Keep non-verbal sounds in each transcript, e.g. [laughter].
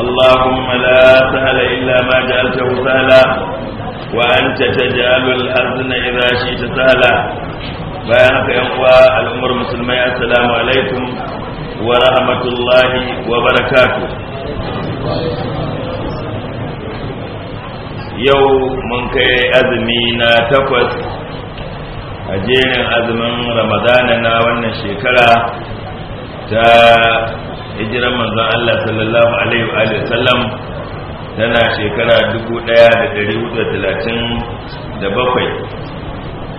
اللهم لا سهل إلا ما جعلته سهلا وأنت تجعل الحزن إذا شئت سهلا بيانك يقوى الأمور المسلمين السلام عليكم ورحمة الله وبركاته yau mun kai azumi na takwas a jerin azumin ramadana na wannan shekara ta hijiran manzon Allah sallallahu alaihi wa alihi sallam tana shekara 1137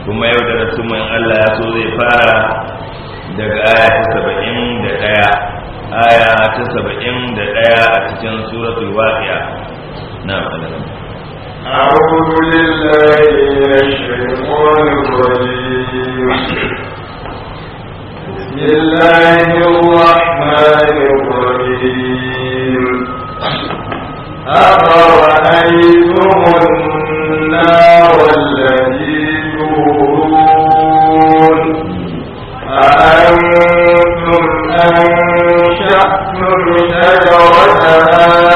kuma yau da rasu Allah ya so zai fara daga aya ta saba'in aya ta saba'in a cikin suratul waqi'a na fadalan أعوذ بالله من الشيطان الرجيم بسم الله الرحمن الرحيم النار أأنتم أنشأتم شجرتها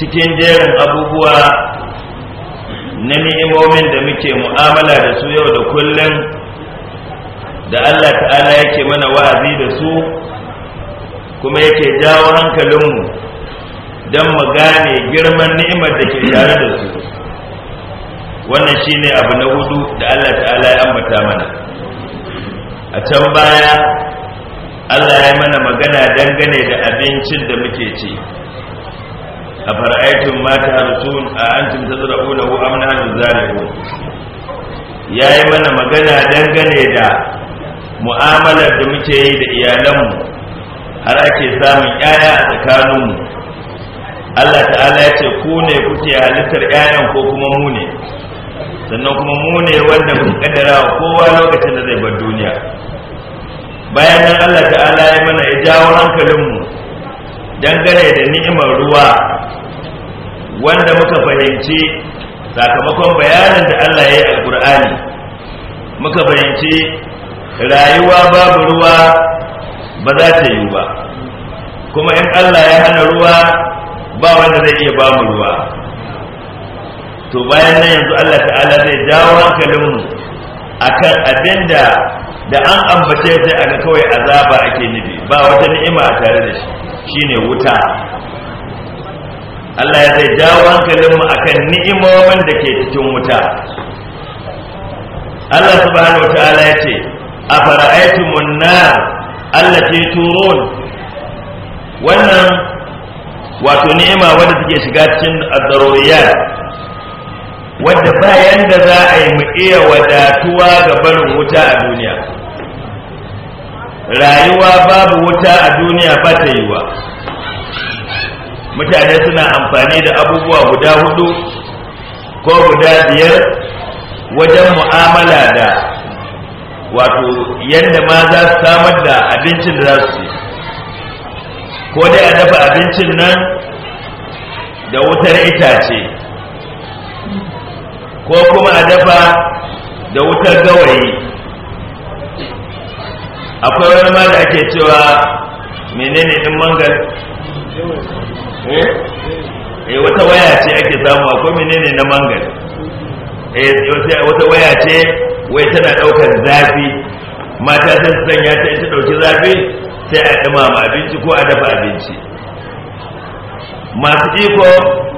cikin jerin abubuwa na ni'imomin da muke mu'amala da su yau da kullum da Allah ta'ala yake mana wa'azi da su kuma yake jawo hankalinmu don mu gane girman ni'imar da ke tare da su wannan shine abu na hudu da Allah ta'ala ya ambata mana a can baya Allah ya mana magana dangane da abincin da muke ci. أفرأيتم ما تهرسون أأنتم تزرعونه أم نحن الزارعون ya yi mana magana dangane da mu'amalar da muke yi da iyalanmu har ake samun ‘ya'ya a tsakaninmu Allah ta'ala ya ce ku ne kuke halittar ‘ya'yan ko kuma mu ne sannan kuma mu ne wanda mun kaddara kowa lokacin da zai bar duniya bayan nan Allah ta'ala ya mana ya jawo hankalinmu dangane da ni'imar ruwa wanda muka fahimci sakamakon bayanin da Allah ya yi a kur'ani muka fahimci rayuwa babu ruwa ba za ta yi ba kuma in Allah ya hana ruwa ba wanda zai iya ba mu ruwa to bayan nan yanzu Allah ta'ala zai jawo hankalinmu akan abinda da an ambace sai aga kawai azaba ake nufi ba wata ni'ima a tare da shi shine wuta Allah ya zai jawo hankalinmu akan ni'imomin da ke cikin wuta Allah subhanahu ta'ala ya ce a fara'aitumun Allah ce turun wannan wato ni'ima wadda take shiga cikin ad wadda bayan da za a yi mu iya wadatuwa ga barin wuta a duniya rayuwa babu wuta a duniya ba ta yiwa mutane suna amfani da abubuwa guda hudu ko guda biyar wajen mu'amala da wato yadda ma za su samar da abincin da za su ce, ko dai a dafa abincin nan da wutar itace ko kuma a dafa da wutar gawayi akwai wani ma da ake cewa menene din mangal eh? eh wata waya ce ake samu akwai menene na mangal eh wata waya ce wai tana daukar zafi mata sun sanya ta ita dauki zafi sai a ma abinci ko a dafa abinci masu iko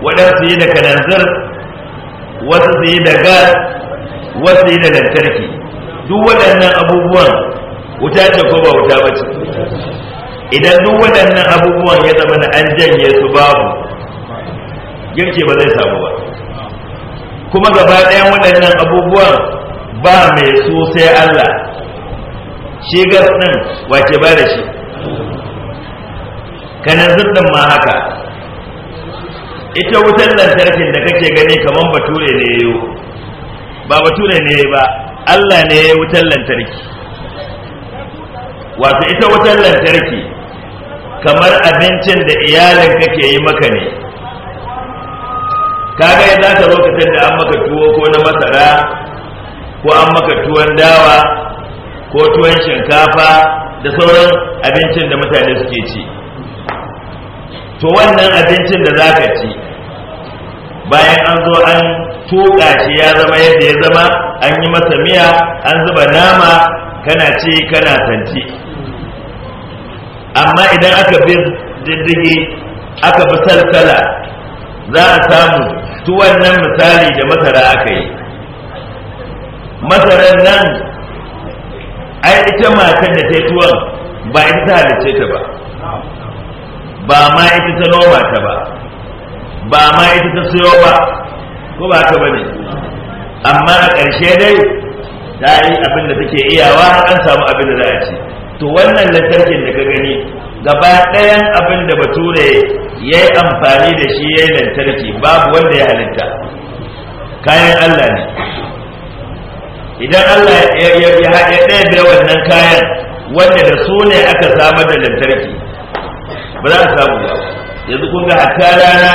waɗansu yi da kananzir wasu su yi da gas wasu yi da lantarki duk waɗannan abubuwan wuta ce ko ba wuta ba ce idan duk waɗannan abubuwan ya zama na an janye su babu girki ba zai samu ba kuma gaba ɗayan waɗannan abubuwan ba mai su sai Allah shi gas ɗin wace ba da shi kanan zurɗin ma haka ita wutar lantarkin da kake gani kamar bature ne yi ba bature ne ba Allah ne ya wutar lantarki wasu ita wutar lantarki kamar abincin da iyalinka ke yi maka ne kaga ya za ta lokacin da an maka tuwo ko na masara ko an maka tuwon dawa ko tuwon shinkafa da sauran abincin da mutane suke ci to wannan abincin da za ka ci bayan an zo an tuka shi ya zama yadda ya zama an yi masa miya an zuba nama kana ci kana santi amma idan aka bi diddigi aka bi salsala za a samu tu wannan misali da masara aka yi masarar nan ai ita matar da ta tuwon ba ita ta halice ta ba ba ma ita ta noma ta ba ba ma ita ta siyo ba ko ba ta bane amma a ƙarshe dai ta yi abin da take iyawa an samu abin da za a ci to wannan lantarkin da ka gani gaba ɗayan abin da bature ya yi amfani da shi ya yi lantarki babu wanda ya halitta kayan allah ne idan allah ya ɗaya da wannan kayan wanda da su ne aka samar da lantarki ba za a samu ba yanzu kun ga hatta rana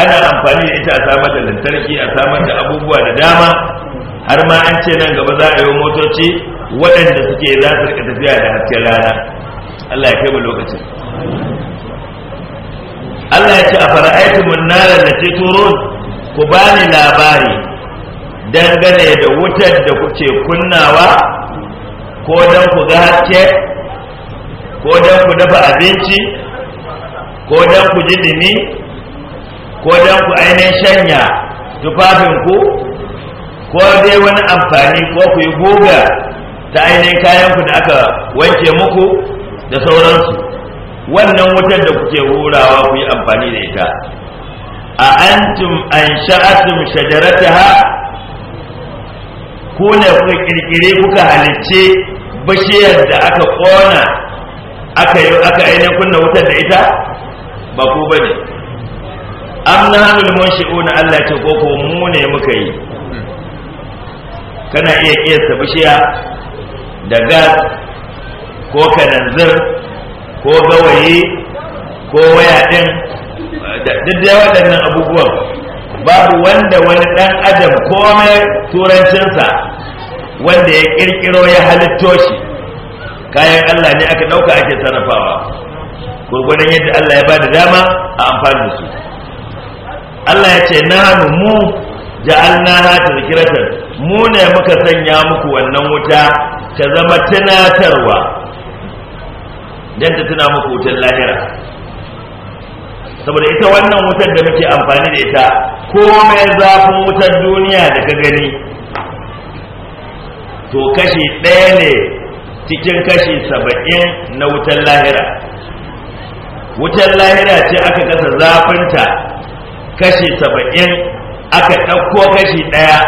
ana amfani da ita a samar da lantarki a samar da abubuwa da dama har ma an ce nan gaba za a yi motoci waɗanda suke za su rika tafiya da hasken rana Allah ya kai mu lokacin Allah ya ce a fara'aitumun munnalar da ce turon ku bani labari dangane da wutar da kuke kunnawa ko don ku ga haske ko don ku dafa abinci ko don ku ji dumi ko don ku ainihin shanya tufafinku ko dai wani amfani ko ku yi guga ta ainihin kayan ku da aka wanke muku da sauransu wannan wutar da kuke hurawa ku yi amfani da ita a antum an sha'atum shajarataha ku ne kuka kirkire kuka halicce bashiyar da aka kona aka yi aka ainihin kunna wutar da ita ba ku bane am nahnul na Allah ce ko ko mu ne muka yi kana iya kiyasta bishiya da gas ko kananzir ko gawayi ko waya ɗin da waɗannan abubuwan babu wanda wani ɗan adam komai turancinsa wanda ya ƙirƙiro ya halitto shi kayan Allah ne aka ɗauka ake sarrafawa gurgudan yadda Allah ya ba da dama a amfani da su Allah ya ce na mu ja'alna ha tazkiratan mu ne muka sanya muku wannan wuta ta zama tunatarwa don ta tuna muku wutar lahira saboda ita wannan wutar da muke amfani da ita komai zafin wutar duniya da ka gani to kashi ɗaya ne cikin kashi saba'in na wutar lahira wutar lahira ce aka kasa zafinta kashi saba'in aka ɗauko kashi ɗaya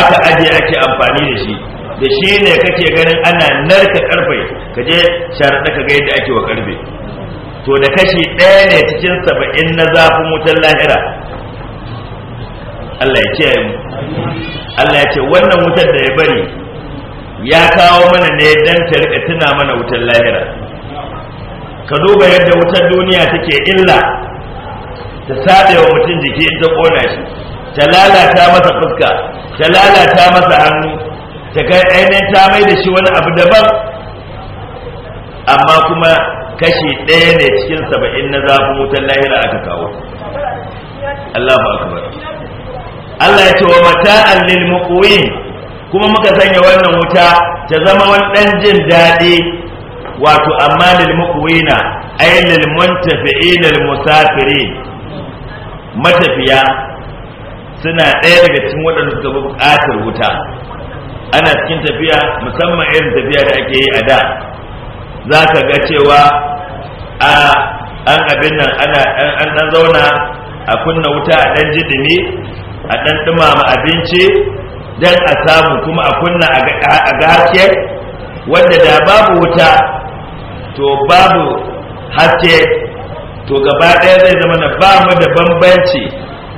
aka ajiye ake amfani da shi da shi ne kake ganin ana narka karfe ka je sharaɗa ka ga yadda ake wa karfe to da kashi ɗaya ne cikin saba'in na zafin wutar lahira Allah ya kiyaye mu Allah ya ce wannan wutar da ya bari ya kawo mana ne dan ta rika tuna mana wutar lahira ka duba yadda wutar duniya take illa ta sabe wa mutum jiki in ta kona shi ta lalata masa fuska ta lalata masa hannu ta kai ainihin ta mai da shi wani abu daban amma kuma kashi ɗaya ne cikin saba'in na zafin wutar lahira aka kawo Allahu akbar Allah ya ce wa mata'an allil muqwin kuma muka sanya wannan wuta ta zama wani ɗan jin daɗi wato amma lil muqwina ay lil muntafi'in lil musafirin matafiya suna ɗaya daga cikin waɗanda suka bi buƙatar wuta ana cikin tafiya musamman irin tafiya da ake yi a da za ka ga cewa a an abin nan ana an dan zauna a kunna wuta a dan jidimi a dan dumama abinci dan a samu kuma a kunna a ga haske wanda da babu wuta to babu haske to gaba ɗaya zai zama na ba mu da bambanci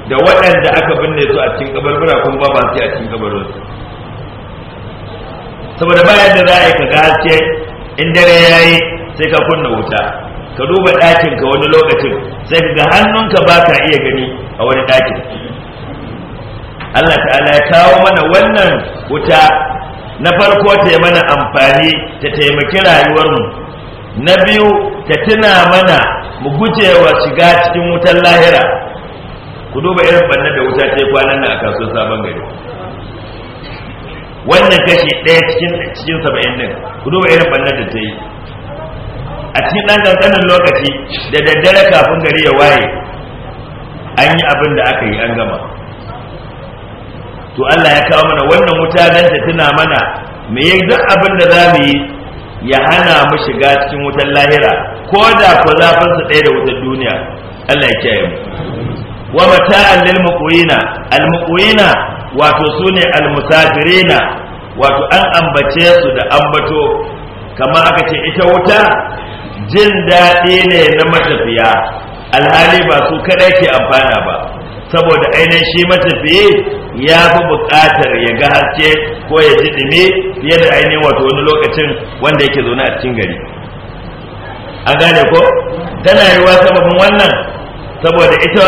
da waɗanda aka binne su a cikin kabarbura kuma ba su a cikin kabarbura saboda ba yadda za a yi ka gace in dare ya yi sai ka kunna wuta ka duba ɗakin ka wani lokacin sai ka ga hannunka ba ka iya gani a wani ɗakin Allah ta'ala ya kawo mana wannan wuta na farko ta mana amfani ta taimaki rayuwarmu na biyu ta tuna mana mu gujewa shiga cikin wutar lahira ku duba irin bannan da wuta ta yi kwanan nan a kasuwar sabon gari wannan kashi ɗaya cikin cikin saba'in din ku duba irin ɓannar da ta yi a cikin ɗan ƙanƙanin lokaci da daddare kafin gari ya waye an yi abin da aka yi an gama to Allah ya kawo mana wannan wuta nan ta tuna mana me yi duk abin da za mu yi ya hana mu shiga cikin wutar lahira ko da ku zafinsa ɗaya da wutar duniya Allah ya kiyaye mu wa mata'an lil muqwina al muqwina wato su ne almusafirina wato an ambace su da ambato kama aka ce ita wuta jin daɗi ne na matafiya alhali ba su kaɗai ke amfana ba saboda ainihin shi matafiye ya fi buƙatar ya ga haske ko ya ji ɗumi fiye da ainihin wato wani lokacin wanda yake zaune a cikin gari A gane ko tana yiwuwa sababin wannan saboda ita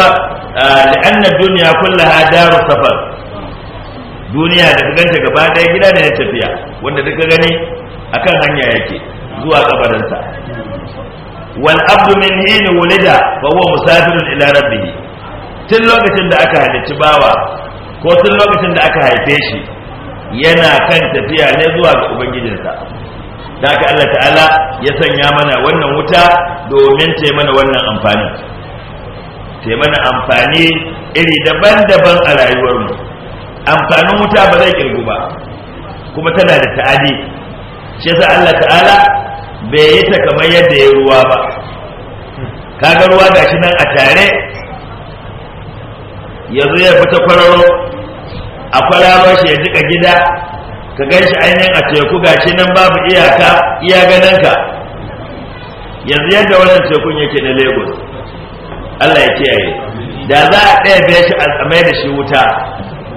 ah, li'anna duniya kulla daru safar duniya da ka ganta gaba ɗaya gida ne na tafiya wanda duka gani akan hanya yake zuwa kabarinsa wal abdu min hin wulida fa huwa musafirun ila rabbih tun lokacin da aka halicci bawa ko tun lokacin da aka haife shi yana kan tafiya ne zuwa ga ubangijinsa da aka Allah ta'ala ya sanya mana wannan wuta domin ta mana wannan amfani ta mana amfani iri daban-daban a rayuwarmu amfanin wuta ba zai kirgu ba kuma tana da ta'adi shi yasa Allah ta'ala bai yi ta kamar yadda ya ruwa ba kaga ruwa shi nan a tare yanzu ya fita kwararo a kwararo shi ya jika gida ka gan shi ainihin a teku gashi nan babu iyaka iya ganinka yanzu yadda wannan tekun yake na lagos allah ya kiyaye da za a ɗaya shi a tsamai da shi wuta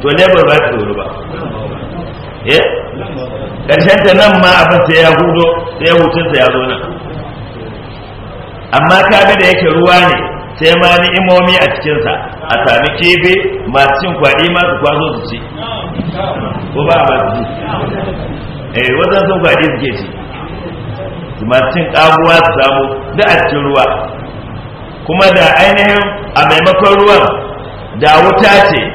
to ne ba za ta ba ya eh? ƙarshen ta nan ma abin sai ya hudo sai ya hutunsa ya zo nan amma kaga da yake ruwa ne sai ma ni imomi a cikinsa a sami kifi masu cin kwaɗi masu kwazo su ci ko ba a su ci eh wajen sun kwaɗi suke ci masu cin ƙaguwa su samu da a cikin ruwa kuma da ainihin a maimakon ruwan da wuta ce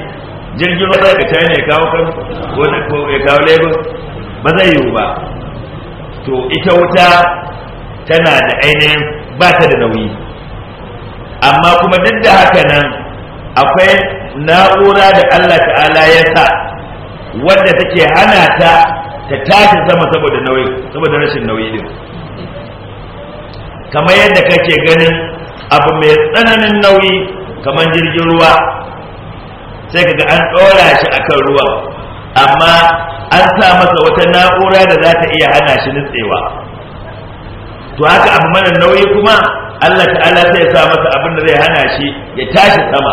jirgin ruwa daga china ya kawo kan ko ya kawo lagos ba zai yiwu ba to ita wuta tana da ainihin ba ta da nauyi amma kuma duk da haka nan akwai na'ura da allah ta'ala ya sa wadda take hana ta ta tashi sama saboda nauyi saboda rashin nauyi din kamar yadda kake ganin abu mai tsananin nauyi kamar jirgin ruwa sai kaga an ɗora shi a kan ruwa amma an sa masa wata na'ura da za ta iya hana shi nutsewa to haka abu mana nauyi kuma Allah ta'ala sai ya sa masa abin da zai hana shi ya tashi sama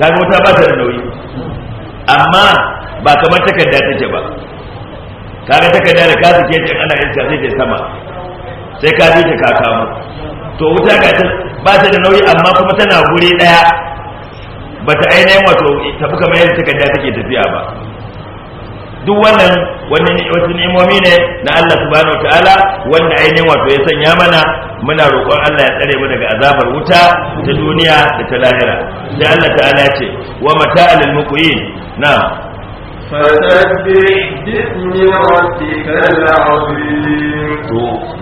kaga wata ba ta da nauyi amma ba kamar takarda take ba kaga takarda da kasu ke can ana iska sai ta sama sai ka ta ka to wuta ga ta ba ta da nauyi amma kuma tana guri daya ba ta ainihin wato tafi kamar yadda ta takarda take tafiya ba duk wannan wasu ni'imomi ne na Allah subhanahu ta'ala wanda ainihin wato ya sanya mana muna roƙon Allah ya tsare mu daga azabar wuta ta duniya da ta lahira sai Allah ta'ala ce wa mata'al al-muqeen na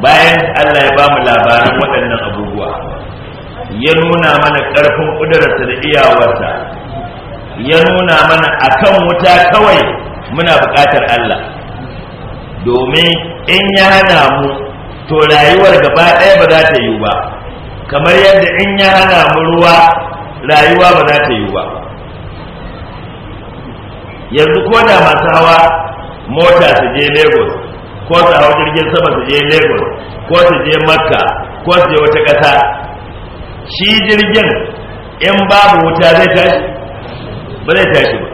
bayan Allah ya ba mu labaran waɗannan abubuwa ya nuna mana ƙarfin ƙudurarsa da iyawarsa ya nuna mana a kan wuta kawai muna buƙatar Allah domin in ya hana mu to rayuwar gaba ɗaya ba za ta yiwu ba kamar yadda in ya hana mu ruwa rayuwa ba za ta yiwu ba yanzu ko da masu hawa mota su je lagos ko su hau jirgin sama su je lagos ko su je makka ko su je wata ƙasa shi jirgin in babu wuta zai tashi ba zai tashi ba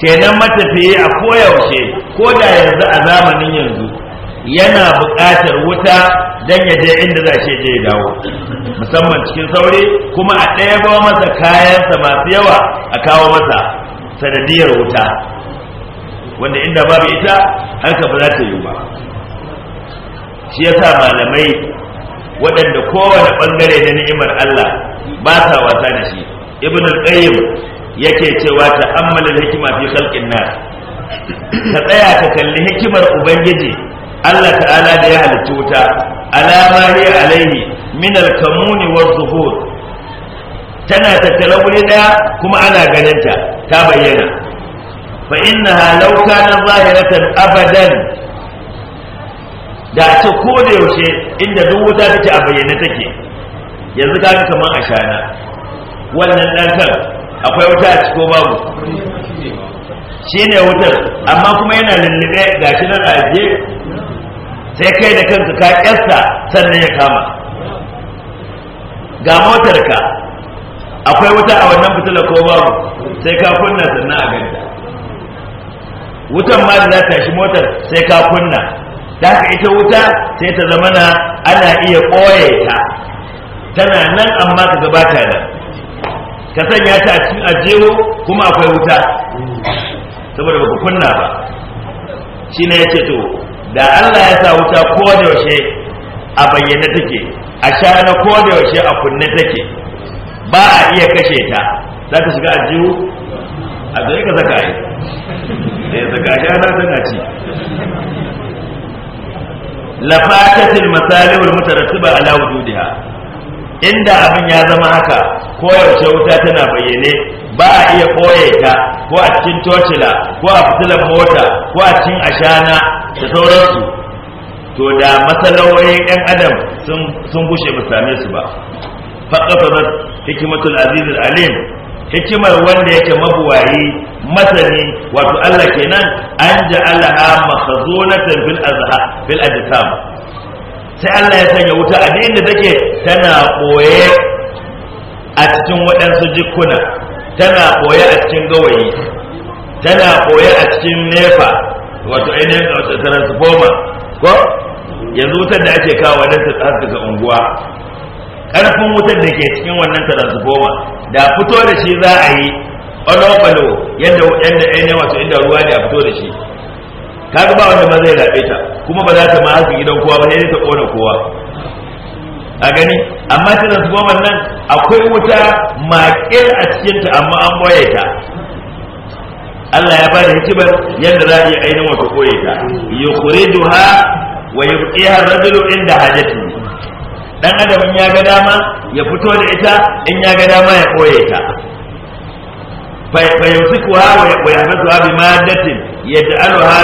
kenan matafiye a koyaushe ko da yanzu a zamanin yanzu yana buƙatar wuta don ya inda za shi je dawo musamman cikin sauri kuma a ɗaya ba masa kayansa masu yawa a kawo masa sanadiyar wuta wanda inda babu ita harka ba za ta yi ba shi yasa malamai waɗanda kowane ɓangare na ni'imar Allah ba sa wasa da shi ibn al-qayyim yake cewa ta ammala hikima fi khalqin nas ka tsaya ka kalli hikimar ubangiji Allah ta'ala da ya halitta wuta alama hiya alaihi min al-kamuni wa zuhur tana ta wuri daya kuma ana ganin ta ta bayyana fa innaha law kana zahiratan abadan da ta ko da yaushe inda duk wuta take a bayyane take yanzu ka ga kaman ashana wannan lantar akwai wuta a ciko babu shine wutar amma kuma yana lullube gashi nan a ajiye sai kai da kanka ka kyasta sannan ya kama ga motarka akwai wuta a wannan fitila ko babu sai ka kunna sannan a ganta wutan ma da za ta shi motar sai ka kunna da haka ita wuta sai ta zama na ana iya ɓoye ta tana nan amma ka gabata da. ka sanya ta a cikin kuma akwai wuta saboda baka kunna ba shi ne ya ce to da Allah ya sa wuta ko da yaushe a bayyane take a shana ko da yaushe a kunne take ba a iya kashe ta za ta shiga ajiyu a zai ka zaka yi da eh, ya zaka shana tana ci لفاتت المسالح المترتبة على وجودها inda abin ya zama haka koyaushe wuta tana bayyane ba a iya koye ta ko a cikin tocila ko a fitilar mota ko a cikin ashana da sauransu to da masalawoyin 'yan adam sun gushe ba same su ba faƙafa hikimatul aziz alim hikimar wanda yake mabuwayi masani wato Allah kenan an ja'alaha makhazunatan fil azha fil ajsam sai Allah ya sanya wuta a inda take tana koye a cikin waɗansu jikuna tana koye a cikin gawayi tana koye a cikin nefa wato ainihin transformer ko yanzu wutar da ake kawo wadanta haskaka unguwa karfin wutar da ke cikin wannan tarazugoma da fito da shi za a yi ɓalo-ɓalo yadda yadda ainihin wato inda ruwa ne a fito da shi ga ba wanda ma zai rabe ta kuma ba za ta ma haka gidan kowa ba sai ta ƙona kowa a gani amma goma nan akwai wuta maƙil a cikinta amma an boye ta Allah ya bada hikimar yadda za a iya ainihin wata ɓoye ta duha wa yubqiha ar-rajulu inda hajatihi dan adam in ya ga dama ya fito da ita in ya ga dama ya koye ta فيمسكها ha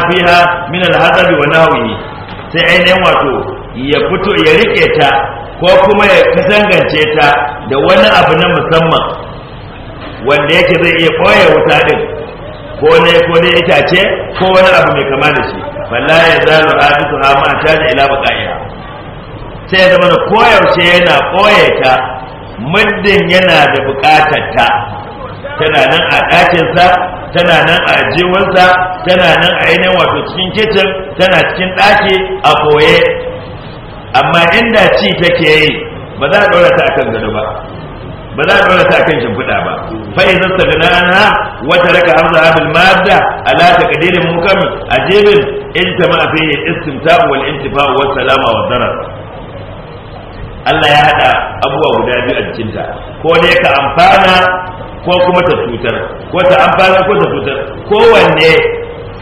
fiha min al من wa ونحوه sai ainihin wato ya fito ya rike ta ko kuma ya kasangance ta da wani abu na musamman wanda yake zai iya koya wuta din ko ne ko ne itace ko wani abu mai kama da shi wallahi ya zalu hadithu ha ma ta ila baqaiha sai da zama koyaushe yana koye ta muddin yana da bukatar ta tana nan a ɗakinsa tana nan a jiwansa tana nan a yanayin wato cikin kicin tana cikin ɗaki a koye amma inda ci take yi ba za a ɗora ta akan gado ba ba za a ɗora ta akan shimfiɗa ba fa iza sagana wata wa taraka hamza bil madda ala taqdirin mukam ajibin in tama fihi istimta wal intifa wa salama wa zarar Allah ya haɗa abubuwa guda biyu a jikinta ko dai ka amfana ko kuma ta cutar ko ta amfana ko ta cutar kowanne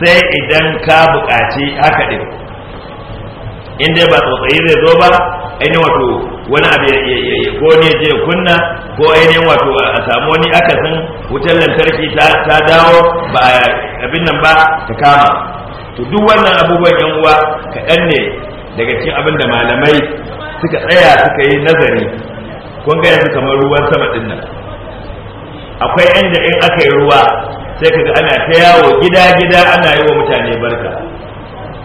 sai idan ka buƙaci haka ɗin in dai ba tsotsayi zai zo ba ainihin wato wani abu ya ko ne je kunna ko ainihin wato a samu wani akasin wutar lantarki ta dawo ba a abin nan ba ta kama to duk wannan abubuwan yan uwa kaɗan ne daga cikin abin da malamai suka tsaya suka yi nazari kun ga yanzu kamar ruwan sama din nan akwai inda in aka yi ruwa sai kaga ana ta yawo gida gida ana yi wa mutane barka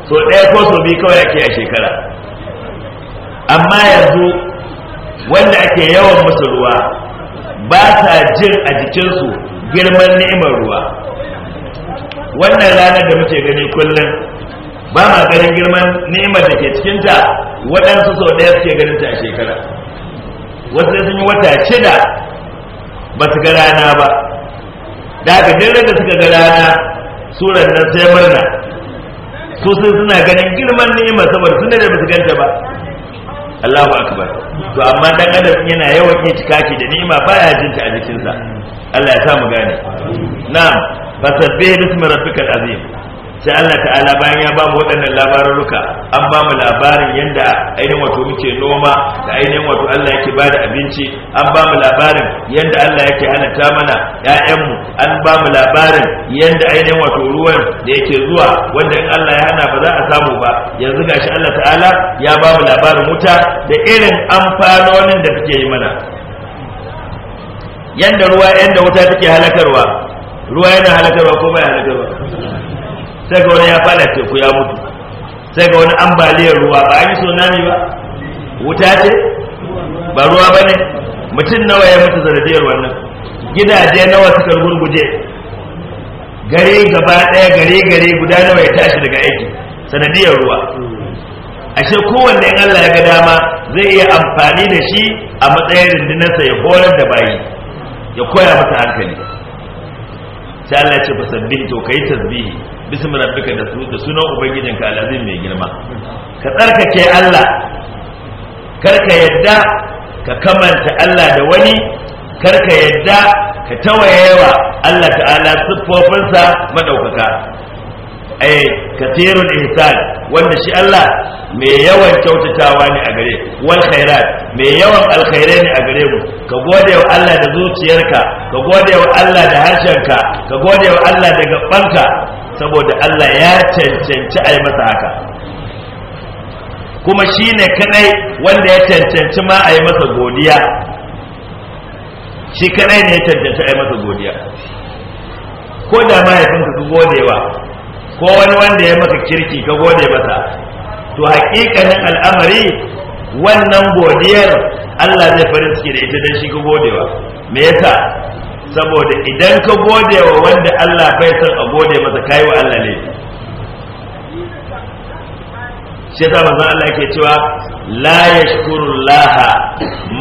so ɗaya ko so biyu kawai ake a shekara amma yanzu wanda ake yawan musu ruwa ba sa jin a jikinsu girman ni'imar ruwa wannan ranar da muke gani kullum ba ma ganin girman ni'imar da ke cikin ta waɗansu sau ɗaya suke ganin ta a shekara wasu sun yi wata shida ba su ga rana ba da aka dare da suka ga rana surar nan sai murna su sun suna ganin girman ni'imar saboda suna da ba su ganta ba Allahu akbar to amma dan adam yana yawan yin cikaki da ni'ima baya jin ta a jikinsa Allah ya sa mu gane na'am fasabbih bismi rabbikal azim sai Allah ta'ala bayan ya ba mu waɗannan labaruruka an ba mu labarin yadda ainihin wato muke noma da ainihin wato Allah yake ba da abinci an ba mu labarin yadda Allah yake halatta mana ‘ya'yanmu an ba mu labarin yadda ainihin wato ruwan da yake zuwa wanda in Allah ya hana ba za a samu ba yanzu gashi Allah ta'ala ya ba mu labarin wuta da irin amfanonin da suke yi mana yadda ruwa yadda wuta take halakarwa ruwa yana halakarwa ko bai halakarwa sai ga wani ya fada teku ya mutu sai ga wani ambaliyar ruwa ba an yi tsunami ba wuta ce ba ruwa ba ne mutum nawa ya mutu sanadiyar wannan gidaje nawa suka gurguje gare gaba ɗaya gare gare guda nawa ya tashi daga aiki sanadiyar ruwa ashe kowanne in Allah ya ga dama zai iya amfani da shi a matsayin rundunarsa ya horar da bayi ya koya masa hankali sai Allah ya ce fasabbih to kai tasbihi bismi rabbika da da sunan ubangijinka alazim mai girma ka tsarkake Allah kar ka yadda ka kamanta Allah da wani kar ka yadda ka tawayewa Allah ta'ala siffofinsa madaukaka ai eh, katirul ihsan wanda shi Allah mai yawan kyautatawa ne a gare wal khairat mai yawan alkhairai ne a gare mu ka gode wa Allah da zuciyarka ka gode wa Allah da harshenka ka gode wa Allah da gabanka saboda Allah ya cancanci a yi masa haka kuma shi ne kadai wanda ya cancanci ma a yi masa godiya shi kadai ne ya cancanci a yi masa godiya ko da mahaifinka ka godewa ko wani wanda ya maka kirki ka gode masa to hakikanin al'amari wannan godiyar Allah zai farin ciki da ita dan shi ka godewa me yasa saboda idan ka godewa wanda Allah bai san a gode masa kai wa Allah ne shi yasa manzon Allah yake cewa la yashkurullah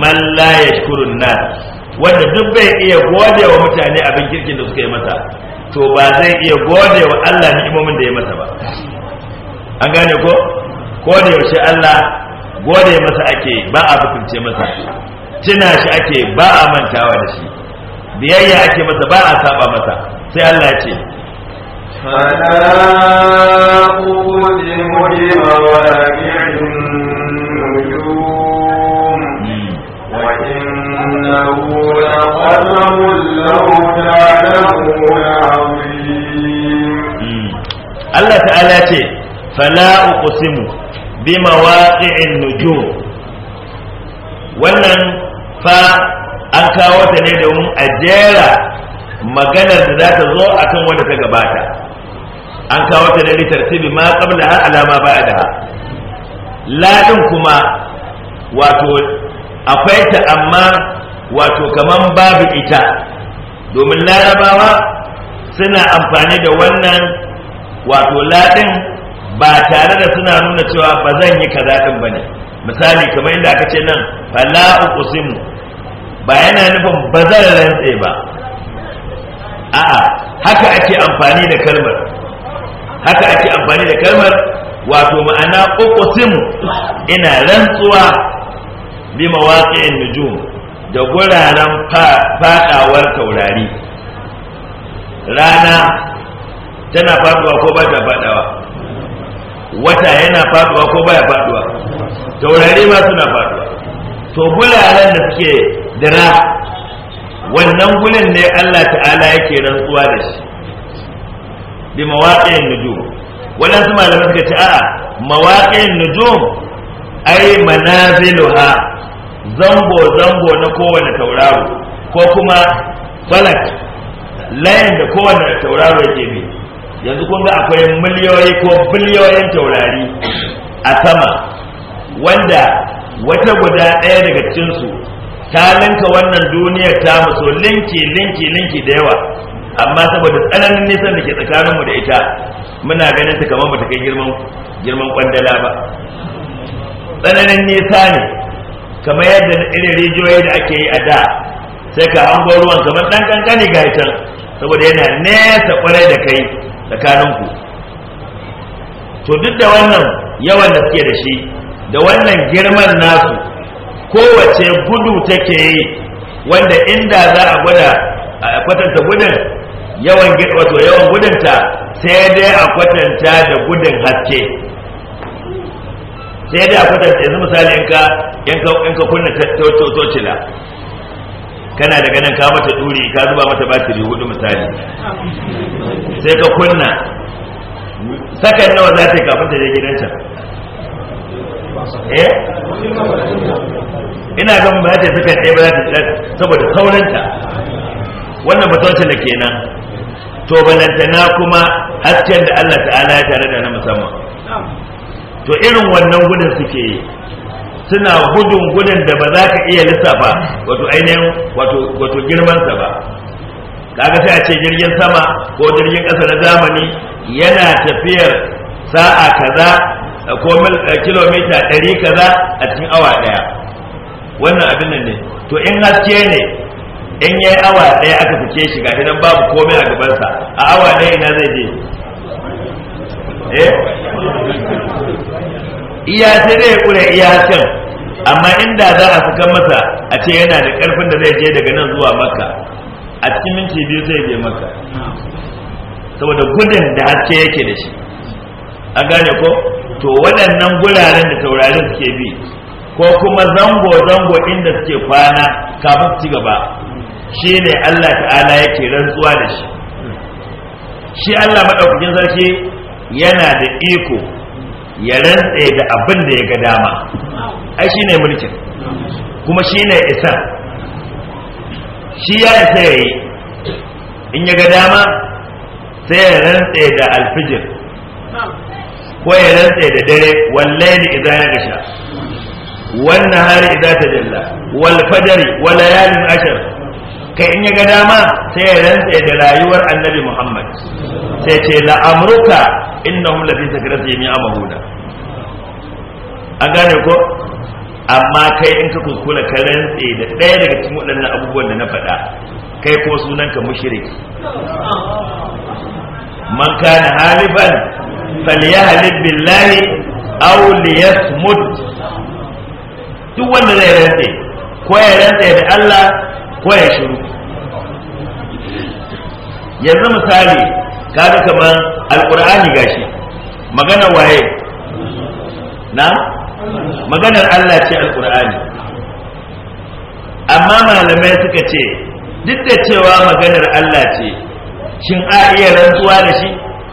man la yashkurun nas wanda duk bai iya godewa mutane abin kirkin da suka yi masa to ba zai iya gode wa Allah ni'imomin da ya masa ba an gane ko ko da yaushe Allah gode masa ake ba a bukunce masa tuna shi ake ba a mantawa da shi biyayya ake masa ba a saba masa sai Allah ya ce فلا أقسم بمواقع النجوم allah لقلم لو تعلمون Fala الله bima فلا أقسم wannan fa an kawo ta ne domin a jera maganar da za ta zo a kan wadda ta gabata an kawo ta ne litartibi ma qabla ha alama ba da ha ladin kuma wato akwai ta amma wato kaman babu ita domin larabawa suna amfani da wannan wato laɗin ba tare da suna nuna cewa ba zan yi kaza din ba misali kamar inda aka ce nan fala uqsimu ba yana nufin ba zan rantse ba a'a haka ake amfani da kalmar haka ake amfani da kalmar wato ma'ana uqsimu ina rantsuwa bi mawaqi'in nujum da guraren faɗawar taurari rana tana faɗuwa ko ba ta faɗawa wata yana faɗuwa ko ba ya faɗuwa taurari ma suna faɗuwa to guraren da suke dira wannan gulin ne Allah ta'ala yake rantsuwa da shi bi mawaƙin nujum waɗansu malamai suka ce a'a mawaƙin nujum ai manaziluha zango zango na kowane tauraro ko kuma falak layin da kowane tauraro yake bi yanzu kun ga akwai miliyoyi ko biliyoyin taurari a sama wanda wata guda ɗaya daga cinsu ta linka wannan duniyar ta so linki linki linki da yawa amma saboda tsananin nisan da ke tsakaninmu da ita muna ganin ta kamar bata kai girman kwandala ba tsananin nisa ne kamar yadda irin rijiyoyi da ake yi a da sai ka hango ruwan kamar ɗan kankani ga can saboda yana nesa kwarai da kai tsakaninku to duk da wannan yawan da suke da shi da wannan girman nasu kowace gudu take yi wanda inda za a gwada a kwatanta gudun yawan wato yawan gudunta sai dai a kwatanta da gudun haske sai dai a kwatanta yanzu misali in ka in ka kunna tocila kana daga nan ka mata duri ka zuba mata batiri hudu misali sai ka kunna sakan nawa za ta yi kafin ta je gidan can eh ina mun ba ta sakan ɗaya ba za ta saboda sauranta wannan ba da kenan to balantana kuma hasken da Allah ta'ala ya tare da na musamman to irin wannan gudun suke yi suna gudun gudun da ba za ka iya lissafa wato ainihin wato girmansa ba kaga sai a ce jirgin sama ko jirgin ƙasa na zamani yana tafiyar sa'a kaza ko eh, kilomita ɗari kaza a cikin awa ɗaya wannan abin nan ne to in haske ne in yayi awa ɗaya aka fice shi gashi nan babu komai a gabansa a awa ɗaya ina zai je eh iya sai dai kure iya can amma inda za a sakan masa a ce yana da karfin da zai je daga nan zuwa makka a cikin minti biyu zai je makka saboda gudun da haske yake da shi a gane ko to waɗannan guraren da taurarin suke bi ko kuma zango-zango inda suke kwana kafin su ci gaba shi ne Allah ta'ala yake rantsuwa da shi shi Allah maɗaukakin sarki yana da iko ya rantse da abin da ya ga dama ai shi ne mulkin kuma shi ne isa shi ya isa yi, in ya ga dama sai ya rantse da alfijir ko ya rantse da dare wallahi idan ya gasha wannan hari idan ta jalla wal fajri wal layalin ashar kai in ya ga dama sai ya rantse da rayuwar annabi muhammad sai ce la'amruka innahum lafi sakrati mi mahuda an gane ko amma kai in ka kuskura ka rantse da ɗaya daga cikin waɗannan abubuwan da na faɗa kai ko sunanka mushriki man kana haliban falyahlib billahi aw liyasmut duk wanda zai rantse ko ya rantse da Allah ko ya shiru yanzu misali ka ga kamar alkur'ani gashi magana waye na maganar Allah ce alkur'ani amma malamai suka ce duk da cewa maganar Allah ce shin a iya rantsuwa da shi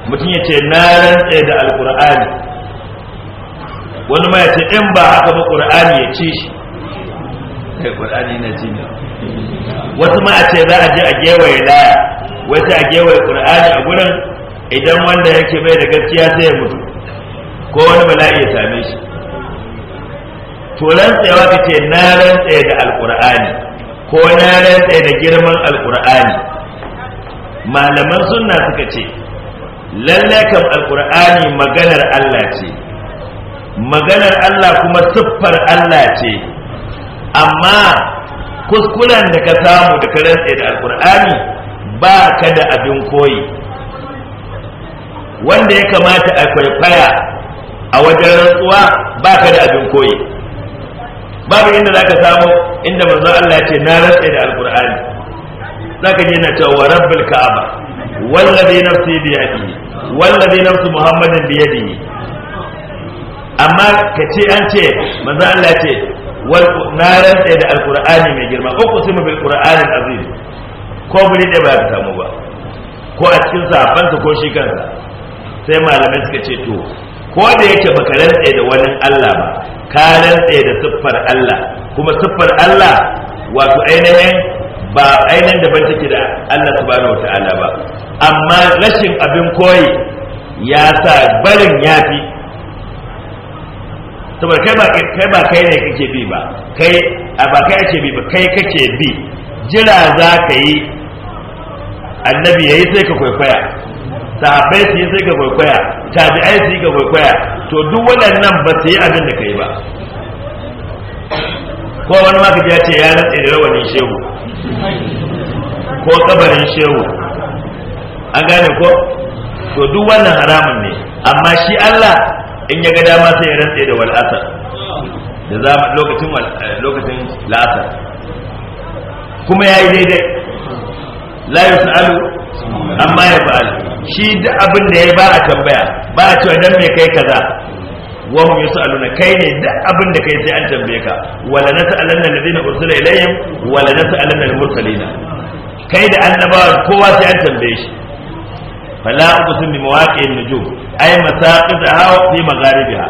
mutum ya ce na rantse da alkur'ani wani ma ya ce in ba haka ba ƙur'ani ya ce shi kai ƙur'ani na jini wasu ma ce za a je a gewaye laya wai a gewaye qur'ani a gurin idan wanda yake bai da gaskiya sai ya mutu ko wani bala'i ya same shi to rantsewa ka ce na rantse da alqur'ani ko na rantse da girman alqur'ani malaman sunna suka ce lalle kam alqur'ani maganar Allah ce maganar Allah kuma siffar Allah ce amma kuskuren da ka samu da ka rantse da alkur'ani ba ka da abin koyi wanda ya kamata a kwaikwaya a wajen rantsuwa ba ka da abin koyi babu inda za ka samu inda manzon Allah ya ce na rantse da alkur'ani za ka je na cewa wa rabbil ka'aba wallazi nafsi bi yadihi wallazi nafsu muhammadin bi yadihi amma ka ce an ce manzon Allah ya ce na rantsa da alkur'ani mai girma ko kusimu bil qur'ani azim ko buri da ba samu ba ko a cikin sabansa ko shi kansa sai malamai suka ce to ko da yake baka rantsa da wani Allah ba ka rantsa da siffar Allah kuma siffar Allah wato ainihin ba ainihin daban take da Allah subhanahu wataala ba amma rashin abin koyi ya sa barin yafi saboda kai ba kai ba kai ne kake bi ba kai A ba kai ake bi ba kai kake bi jira za ka yi annabi yayi sai ka kwaikwaya sahabbai su yi sai ka kwaikwaya tabi'ai su yi ka kwaikwaya to duk waɗannan ba su yi abin da kai ba ko wani maka ya ce ya rantsa da rawanin shehu ko kabarin shehu an gane ko to duk wannan haramun ne amma shi Allah in ya ga dama sai ya rantse da wal asr da za lokacin eh, lokacin la'asar kuma ya yi daidai la yusalu amma ya fa'al shi da abin da ya ba a tambaya ba a cewa dan me kai kaza wa hum yusaluna kai ne da abin da kai sai an tambaye ka wala nas'alanna alladhina ursila ilayhim wala nas'alanna al-mursalina kai da annabawa kowa sai an tambaye shi fala uqsim bi mawaqi'in nujum ai masaqidaha fi magharibiha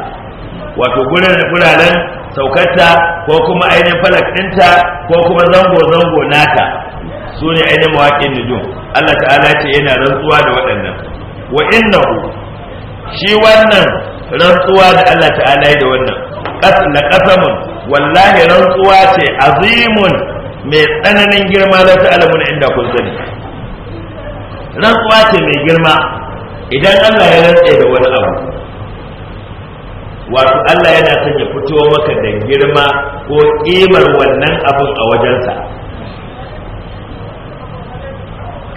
wato gurin guraren saukarta ko kuma ainihin falak ɗinta ko kuma zango zango nata su ne ainihin mawaƙin nujum Allah ta'ala ce yana rantsuwa da waɗannan wa innahu shi wannan rantsuwa da Allah ta'ala da wannan la qasamun wallahi rantsuwa ce azimun mai tsananin girma la Alamun inda kun sani rantsuwa ce mai girma idan Allah ya ratse da wani abu wato Allah yana son ya fito maka da girma ko kimar wannan abin a wajensa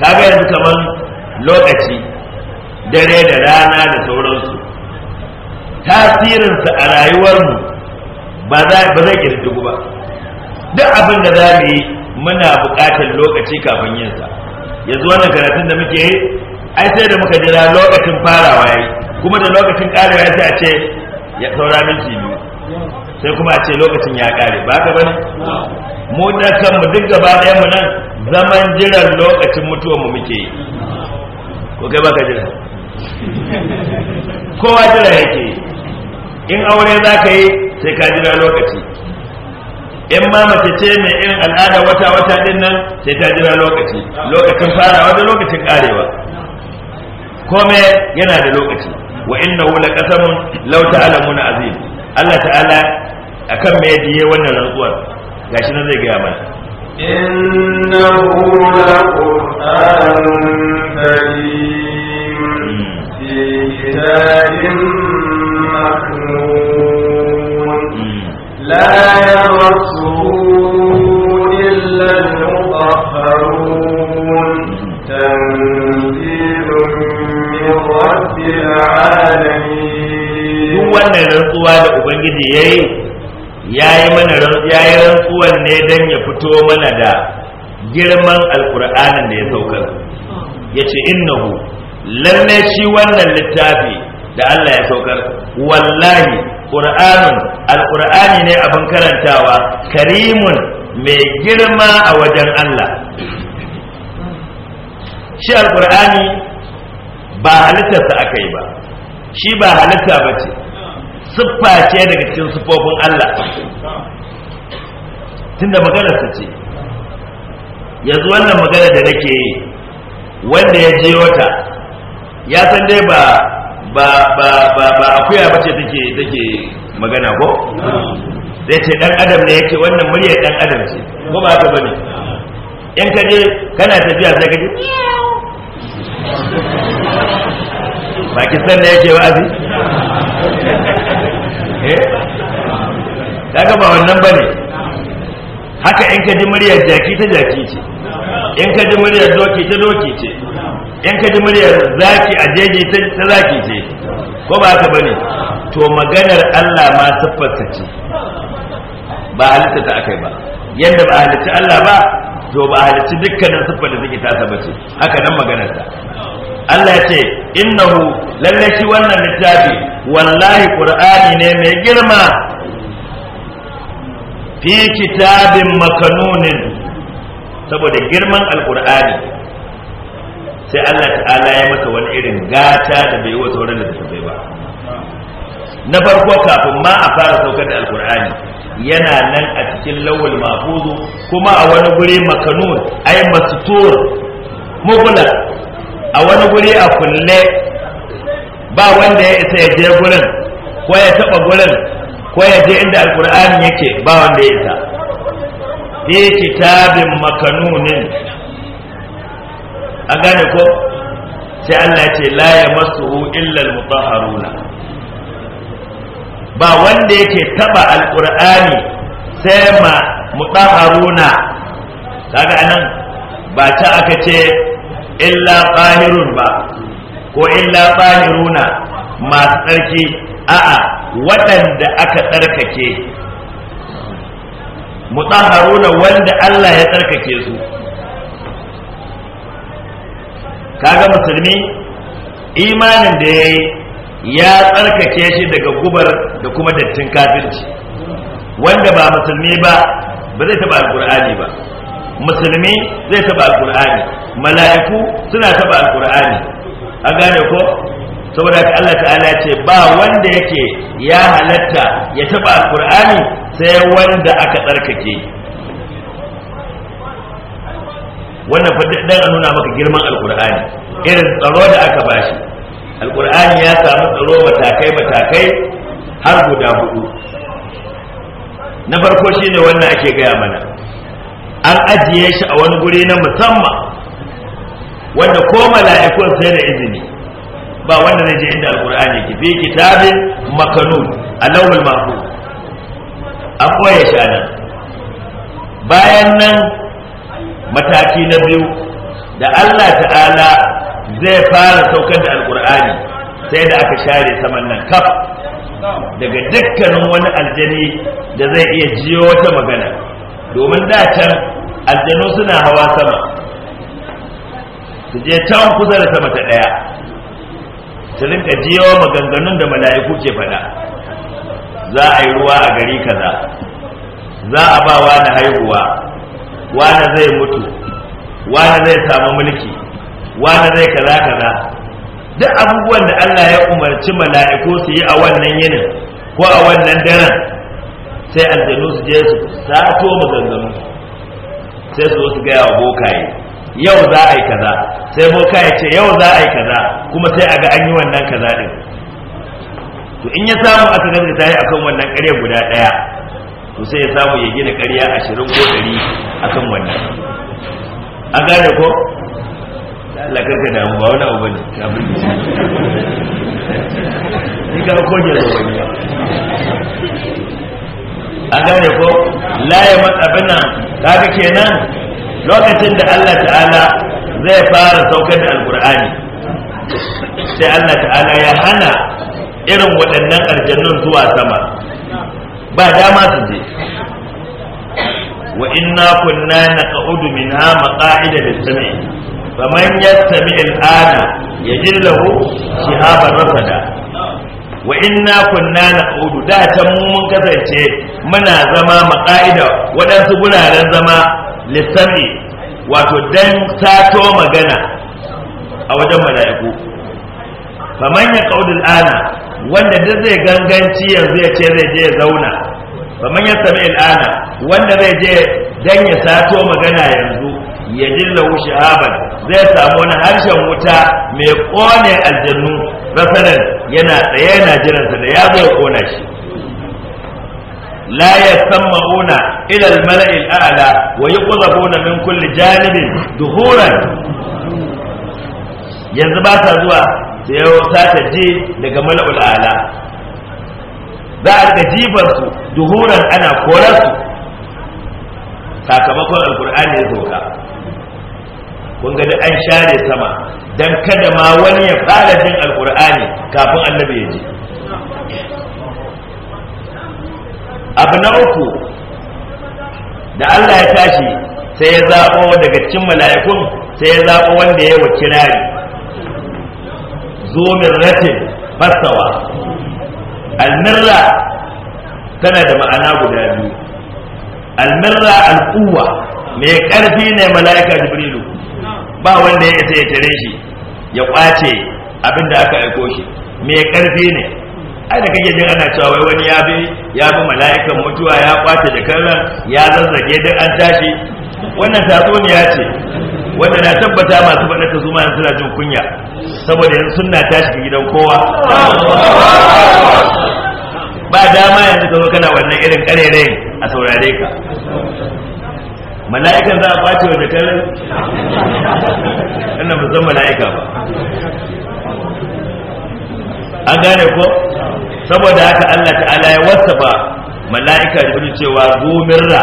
kaga yanzu kamar lokaci dare da rana da sauransu tasirinsa a rayuwarmu ba zai kirdugu ba duk abin da za mu yi muna buƙatar lokaci kafin yinsa yanzu wannan karatun da muke yi ai sai da muka jira lokacin farawa yayi kuma da lokacin karewa sai a ce ya saura minti biyu sai kuma a ce lokacin ya kare ba ka bane mu da kanmu duk gaba ɗayan mu nan zaman jiran lokacin mutuwar mu muke yi ko kai baka jira [laughs] kowa jira yake in aure za ka yi sai ka jira lokaci in ma mace ce ne irin al'ada wata wata din nan sai ta jira lokaci lokacin farawa da lokacin karewa kome yana da lokaci wa inna wula kasamun lau ta'alamu na azim Allah ta'ala a kan mai diye wannan rantsuwar gashi nan zai gaya mana Inna hmm. la qur'anun karim kitabin ubangiji ya yi ya yi mana rantsuwan ne don ya fito mana da girman alkur'anin da ya saukar ya ce innahu lalle shi wannan littafi da Allah ya saukar wallahi ƙur'anin alkur'ani ne abin karantawa karimun mai girma a wajen Allah shi alkur'ani ba halittarsa aka yi ba shi ba halitta ba ce siffa ce daga cikin siffofin Allah tunda magana su ce yanzu wannan magana da nake yi wanda ya je wata ya san dai ba ba ba ba ba akuya bace take take magana ko zai ce dan adam ne yake wannan muryar dan adam ce ko ba ka bane in ka je kana tafiya sai ka ji ba ki san da yake wazi daga eh? ba wannan ba ne. haka in ka ji muryar jaki ta jaki ce in ka ji muryar doki ta doki ce in ka ji muryar zaki a jeji ta zaki ce ko ba haka ne to maganar Allah ma siffarta ce ba halitta ta akai ba yadda ba halitta Allah ba to ba halitta dukkanin siffar da take ta bace haka nan maganarta Allah ya ce innahu lalle shi wannan littafi wallahi qur'ani ne mai girma fi kitabin makanunin saboda girman alqur'ani sai Allah ta'ala ya masa wani irin gata da bai wa sauran littattafai ba na farko kafin ma a fara saukar da alqur'ani yana nan a cikin lawal mafuzu kuma a wani guri makanun ay mastur mughlaq a wani guri a kulle ba wanda ya isa ya je gurin ko ya taba gurin ko ya je inda alkur'ani yake ba wanda ya isa fi kitabin makanunin an gane ko sai Allah ce la ya masu illal mutahharuna ba wanda yake taba alkur'ani sai ma mutahharuna kaga anan ba ta aka ce illa qahirun ba ko illa qahiruna masu tsarki a'a waɗanda aka tsarkake mutahharuna wanda Allah ya tsarkake su kaga musulmi imanin da yayi ya tsarkake shi daga gubar da kuma dattin kafirci wanda ba musulmi ba ba zai taɓa alƙur'ani ba musulmi zai taba alkur'ani mala'iku suna taba alkur'ani a gane ko saboda ka Allah ta'ala ce ba wanda yake ya halatta ya taba alkur'ani sai wanda aka tsarkake wannan fa dan a nuna maka girman alkur'ani irin tsaro da aka bashi alkur'ani ya samu tsaro matakai matakai har guda hudu na farko shine wannan ake gaya mana an ajiye shi a wani guri na musamman wanda ko mala'ikun sai da izini ba wanda zai je inda alkur'ani ki fi kitabin makanun alawul mahfuz an koya shi nan bayan nan mataki na biyu da Allah ta'ala zai fara saukar da alkur'ani sai da aka share saman nan kaf daga dukkanin wani aljani da zai iya jiyo wata magana domin da can aljanu suna hawa sama su je can kusa da sama ta ɗaya su rinka jiyawa maganganun da mala'iku ke faɗa za a yi ruwa a gari kaza za a ba wani haihuwa wani zai mutu wani zai samu mulki wani zai kaza kaza duk abubuwan da Allah ya umarci mala'iku su yi a wannan yinin ko a wannan daren sai aljanu su je su sato maganganu sai su wasu su gaya wa bokaye yau za a yi kaza sai bokaye ce yau za a yi kaza kuma sai a ga an yi wannan kaza din to in ya samu aka gaza ta yi akan wannan ƙarya guda ɗaya to sai ya samu ya gina ƙarya ashirin ko ɗari akan wannan an gane ko Allah ka damu ba wani abu bane kafin ni ka ko ke zo wani an gane ko la ya kaga kenan lokacin da Allah ta'ala zai fara saukar da alkur'ani sai Allah ta'ala ya hana irin waɗannan aljannun zuwa sama ba dama su je wa inna kunna naq'udu minha maqa'ida lis-sami' faman yastami' al-ana yajid lahu shihaban rasada wa inna kunna naqulu da ta mu mun kasance muna zama maƙa'ida waɗansu guraren zama lissafi wato dan sato magana a wajen mala'iku faman ya qaudul ana wanda duk zai ganganci yanzu ya ce zai je ya zauna faman ya sami ana wanda zai je dan ya sato magana yanzu ya jilla shahaban zai samu wani harshen wuta mai kone aljannu rasanan yana tsaye yana jiransa da ya zai kona shi la ya ila al-mala'i al-a'la wa yuqdhabuna min kulli janibin duhuran yanzu ba sa zuwa da yau ta je daga mala'ul a'la za a ga jifar su duhuran ana korarsu su sakamakon alkur'ani ya sauka kun an share sama dan kada ma wani ya fara jin alkur'ani kafin annabi ya ji abu na uku da Allah ya tashi sai ya zaɓo daga cikin mala'ikun sai ya zaɓo wanda ya wace rari zo min ratin fasawa almirra tana da ma'ana guda biyu almirra al'uwa mai ƙarfi ne mala'ika jibrilu ba wanda ya isa ya tare shi ya kwace abin da aka aiko shi me karfi ne ai da kake jin ana cewa wai wani ya bi ya bi mala'ikan mutuwa ya kwace da karran ya zazzage duk an tashi wannan tatsuniya ce wanda na tabbata masu faɗa ta zuma suna jin kunya saboda yanzu sunna ta shiga gidan kowa ba dama yanzu ka zo kana wannan irin ƙarerayin a saurare ka mala'ikan za a ɓace wa jakarar wannan ba zan mala'ika ba an gane ko saboda haka Allah ta'ala ya ba, mala'ika da cewa zomirra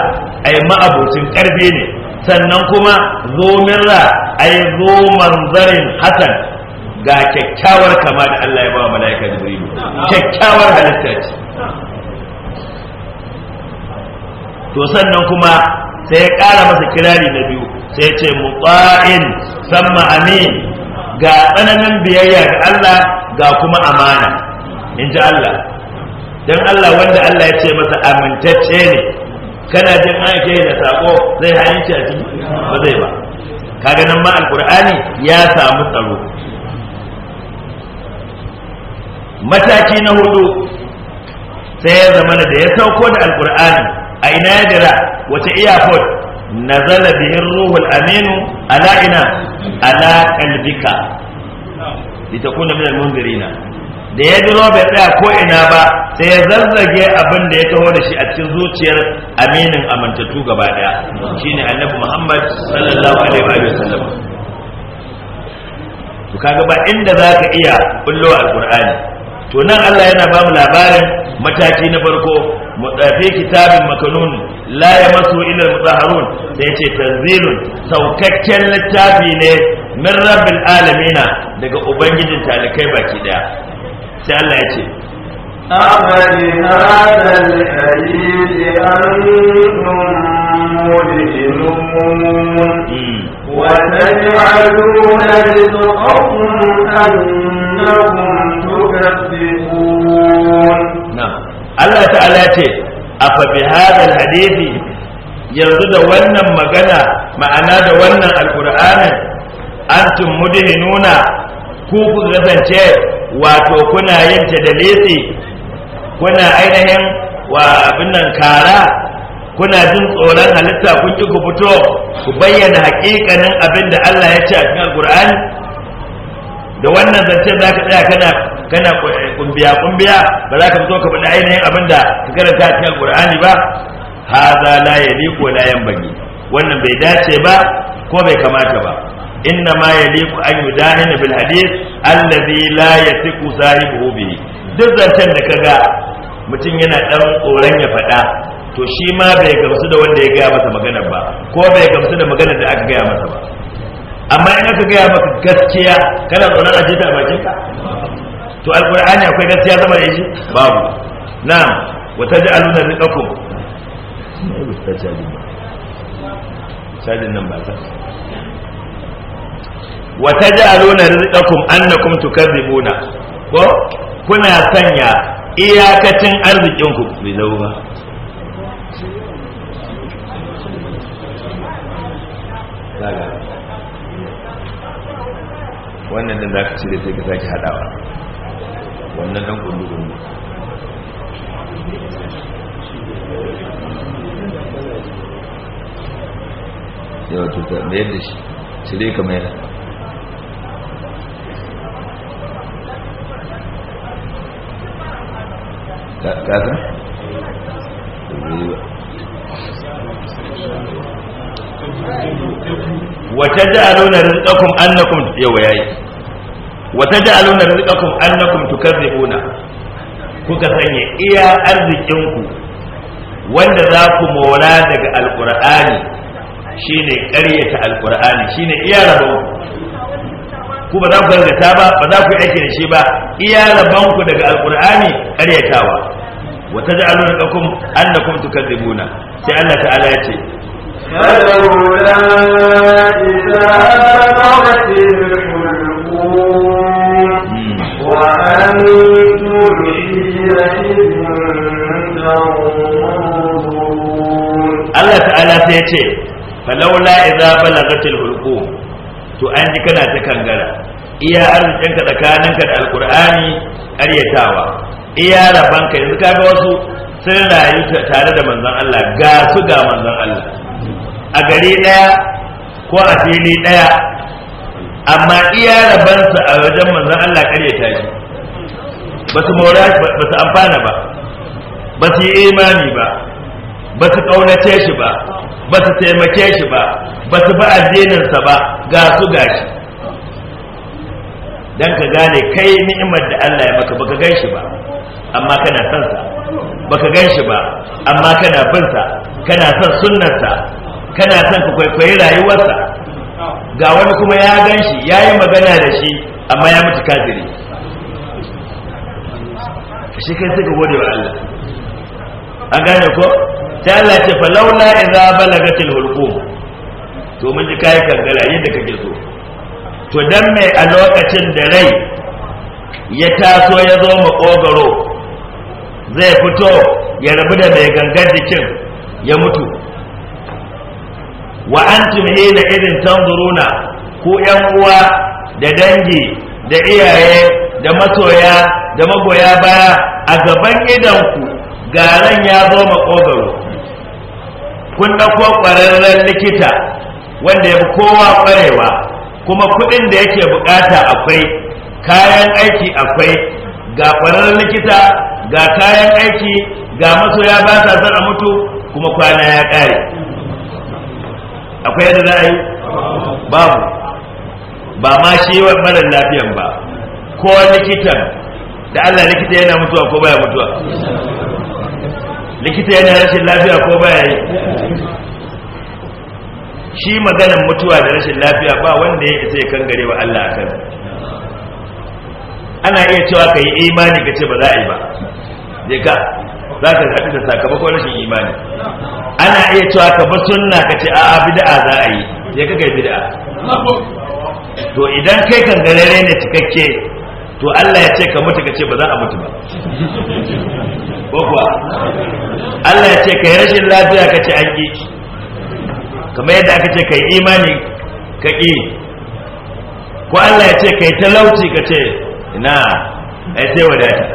yi ma'abocin karfe ne sannan kuma zomirra yi zo manzarin hasan ga kyakkyawar kama da Allah ya ba wa mala'ika da jibrilu kyakkyawar halitta ce to sannan kuma sai ya ƙara masa kirari na biyu sai ya ce muqa'in san amin ga tsananin biyayya ga Allah ga kuma amana in ji Allah Don Allah wanda Allah ya ce masa amintacce ne kana jin an ke da sako zai hayyanci a ba zai ba kaga nan ma alqur'ani ya samu tsaro mataki na hudu sai ya zama da ya sauko da alkur'ani aina ya dira wace airport nazala bihin ruhul aminu ala ina ala kalbika litakuna min almunzirina da ya diro bai tsaya ko ina ba sai ya zazzage abin da ya taho da shi a cikin zuciyar aminin amintattu gaba daya shine annabi muhammad sallallahu alaihi wa sallam to kaga ba inda zaka iya bullo alqur'ani to nan Allah yana ba mu labarin mataki na farko mutafi kitabin makanun la ya masu ilal mutsaharun sai ya ce tanzilun saukakken littafi ne min rabbil alamina daga ubangijin talikai baki daya sai Allah ya ce أنتم وتجعلون رزقكم أنكم تكذبون Allah ta'ala ce a bi hadal hadisi yanzu da wannan magana ma'ana da wannan alkur'anin antum mudhinuna ku ku kasance wato kuna yin tadalisi kuna ainihin wa abin kara kuna jin tsoron halitta kun ki ku fito ku bayyana hakikanin abin da Allah ya ce a cikin alkur'ani da wannan zancen za ka tsaya kana kana eh, kumbiya kumbiya ba za ka fito ka faɗi ainihin abin da ka karanta a cikin alƙur'ani ba haza la yaliqu la yanbaghi wannan bai dace ba ko bai kamata ba inna ma yaliqu an yudahina bil hadith allazi la yasiqu sahibuhu bihi duk zancen da ka ga mutum yana dan tsoron ya faɗa to shi ma bai gamsu da wanda ya gaya masa maganar ba ko bai gamsu da maganar da aka gaya masa ba amma in aka gaya maka gaskiya kana tsoron a jita bakin ka to alqur'ani akwai gaskiya sama da shi babu na'am wa taj'aluna rizqakum ne ba ta jadi sajin nan ba ta wa taj'aluna rizqakum annakum tukadzibuna ko kuna sanya iyakacin arzikin ku bai zau ba Laga. wannan da za ka da sai ka zaki haɗawa wannan ɗan ƙundu-ƙundu yawa tuta mayar da shi cire ka mayar ƙasa? ba wata ja'aluna rizqakum annakum yawa yayi wata ja'aluna rizqakum annakum tukazzibuna kuka sanya iya arzikinku wanda za ku mola daga alqur'ani shine ƙaryata alqur'ani shine iya rabon ku ba za ku gaskata ba ba za ku yi aiki da shi ba iya rabon ku daga alqur'ani ƙaryatawa wa taj'aluna rizqakum annakum tukadzibuna sai Allah ta'ala ya ce allah ta'ala sai ya ce حينئذ تنظرون الله to an ji kana ta kangara iya arzikinka tsakaninka da alqur'ani aryatawa iya rabanka yanzu kaga wasu sun rayu tare da manzon Allah ga su ga manzon Allah a gari ɗaya ko a fili ɗaya amma iya rabansa a wajen manzan Allah ta shi ba su mora ba su amfana ba ba su yi imani ba ba su ƙaunace shi ba ba su taimake shi ba ba su ba addininsa ba ga su gashi dan ka gane kai ni'imar da Allah ya maka baka gan shi ba amma kana son sa baka gan shi ba amma kana bin sa kana son sunnarsa kana son ka kwaikwayi rayuwarsa ga wani kuma ya gan shi ya yi magana da shi amma ya mutu kafiri shi kai sai ka gode wa Allah an gane ko ta Allah ce fa launa idza balagatil hulqum to mun ji kai kangara yadda kake so to dan me a lokacin da rai ya taso ya zo makogaro zai fito ya rabu da mai gangar jikin ya mutu wa antum hina idin tanzuruna ku yan uwa da dangi da iyaye da masoya da magoya baya a gaban ku garan ya zo makogaro kun ɗauko kwararren likita wanda ya fi kowa kwarewa, kuma kuɗin da yake bukata akwai kayan aiki akwai ga kwararren likita ga kayan aiki ga masoya ba sa zara mutu kuma kwana ya ƙare akwai yadda za a yi babu ba ma shi marar lafiyan ba ko likitan da Allah likita yana mutuwa ko baya mutuwa likita yana rashin lafiya ko baya yi shi maganin mutuwa da rashin lafiya ba wanda ya isa ya kangare wa Allah a kan ana iya cewa ka yi imani ka ce ba za a yi ba je ka za ka haɗu da sakamakon rashin imani ana iya cewa ka bar sunna ka ce a'a bid'a za a yi ya kaga yi bid'a to idan kai kan garere ne cikakke to Allah ya ce ka mutu ka ce ba za a mutu ba ko kuwa Allah ya ce kai rashin lafiya ka ce an ki kamar yadda aka ce kai imani ka ki ko Allah ya ce kai talauci ka ce ina ai sai wadata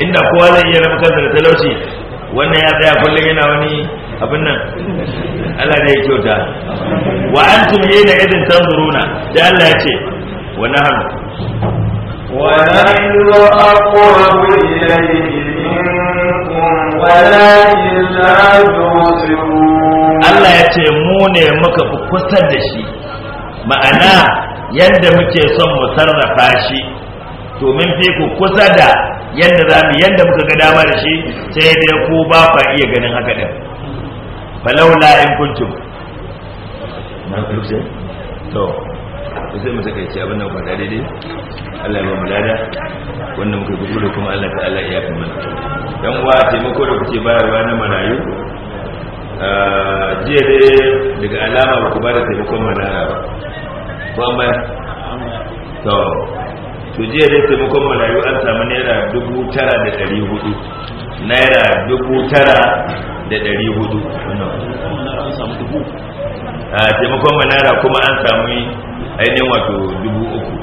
inda kowa zai iya rabu kansa da talauci wannan ya tsaya kullum yana wani abin nan Allah ne ya kyauta wa yi da idin tanzuruna da Allah ya ce wa nahnu wa nahnu aqrabu ilayhi minkum walakin Allah ya ce mu ne muka fi kusa da shi ma'ana yadda muke son mu sarrafa shi domin fi ku kusa da yadda za mu yadda muka ga dama da shi sai dai ku ba fa iya ganin haka din falaula in kuntum na kuce to sai mu take ce abin da ba daidai Allah ya ba mu lada wannan muka gudu da kuma Allah Allah ya fi mana dan uwa muku da kuke bayarwa na marayu ah, jiya dai daga alama ba ku ba da taimakon manara ba ko an bayar to to jiya dai taimakon marayu an samu naira dubu tara da ɗari hudu naira dubu tara da ɗari hudu a taimakon manara kuma an samu ainihin wato dubu uku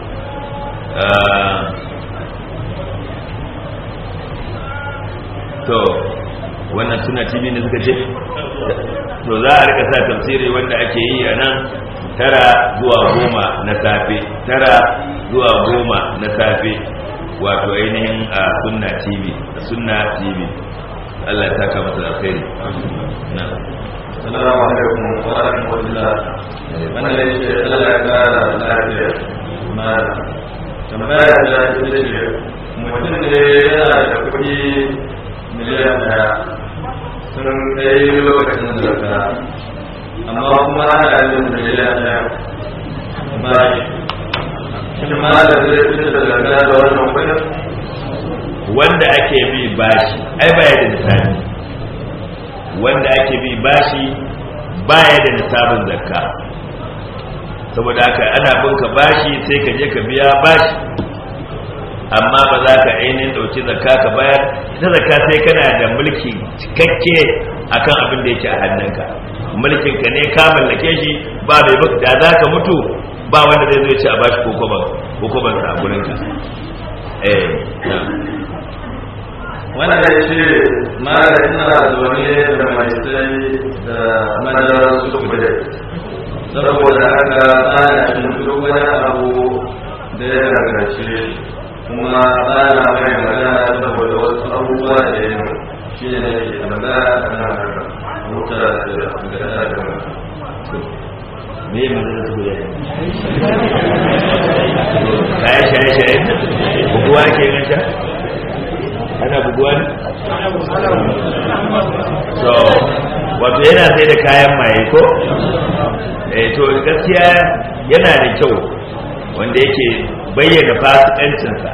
to wannan suna tv ne suka ce to za a rika sa tafsiri wanda ake yi a nan tara zuwa goma na safe tara zuwa goma na safe wato ainihin a sunna tv a sunna tv Allah ta kama da alkhairi na assalamu alaikum wa rahmatullah wannan ne ce Allah ya kara lafiya ma tambaya da ita ce mutum ne yana da kuɗi miliyan ɗaya sun kai lokacin zakka amma kuma ana yin miliyan ɗaya ba shi. wanda ake bi bashi ai baya da misali wanda ake bi bashi baya da nisabin zakka saboda haka ana bin bashi sai ka je ka biya bashi amma ba za ka ainihin ɗauki zakka ka bayar ta zakka sai kana da mulki cikakke akan abin da yake a hannunka mulkin ne ka mallake shi ba bai da za ka mutu ba wanda zai zai a bashi kokoban ko sa a gurin ka eh wannan ya ce mara ina zaune da da madara su saboda haka tsara shi duk wani abu da ya kuma tsara mai magana saboda wasu abubuwa da ya shi ne da ke magana a nan mutar da gada me ya manzara su guda kayan shaye-shaye buguwa ke yin sha ana buguwa ne so wato yana sai da kayan maye ko eh to gaskiya yana da kyau wanda yake bayyana fasikancinsa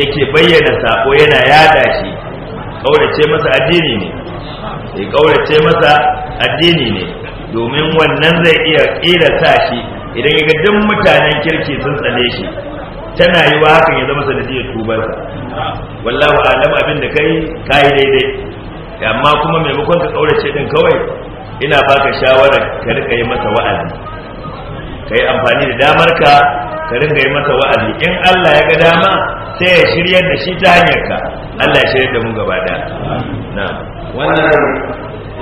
yake bayyana sako yana yada shi kaurace masa addini ne ya eh, kaurace masa addini ne domin wannan zai iya ƙila sa shi idan ya ga duk mutanen kirki sun tsale shi tana yi wa hakan ya zama sanadiyar tubar wallahu alam abin da kai kai daidai amma kuma maimakon ka kaurace din kawai ina baka shawara ka rika yi masa wa'azi kai amfani da damar ka ka rinka yi masa wa'azi in Allah ya ga dama sai ya shirya da shi ta hanyar ka Allah ya shirya da mu gaba da na wannan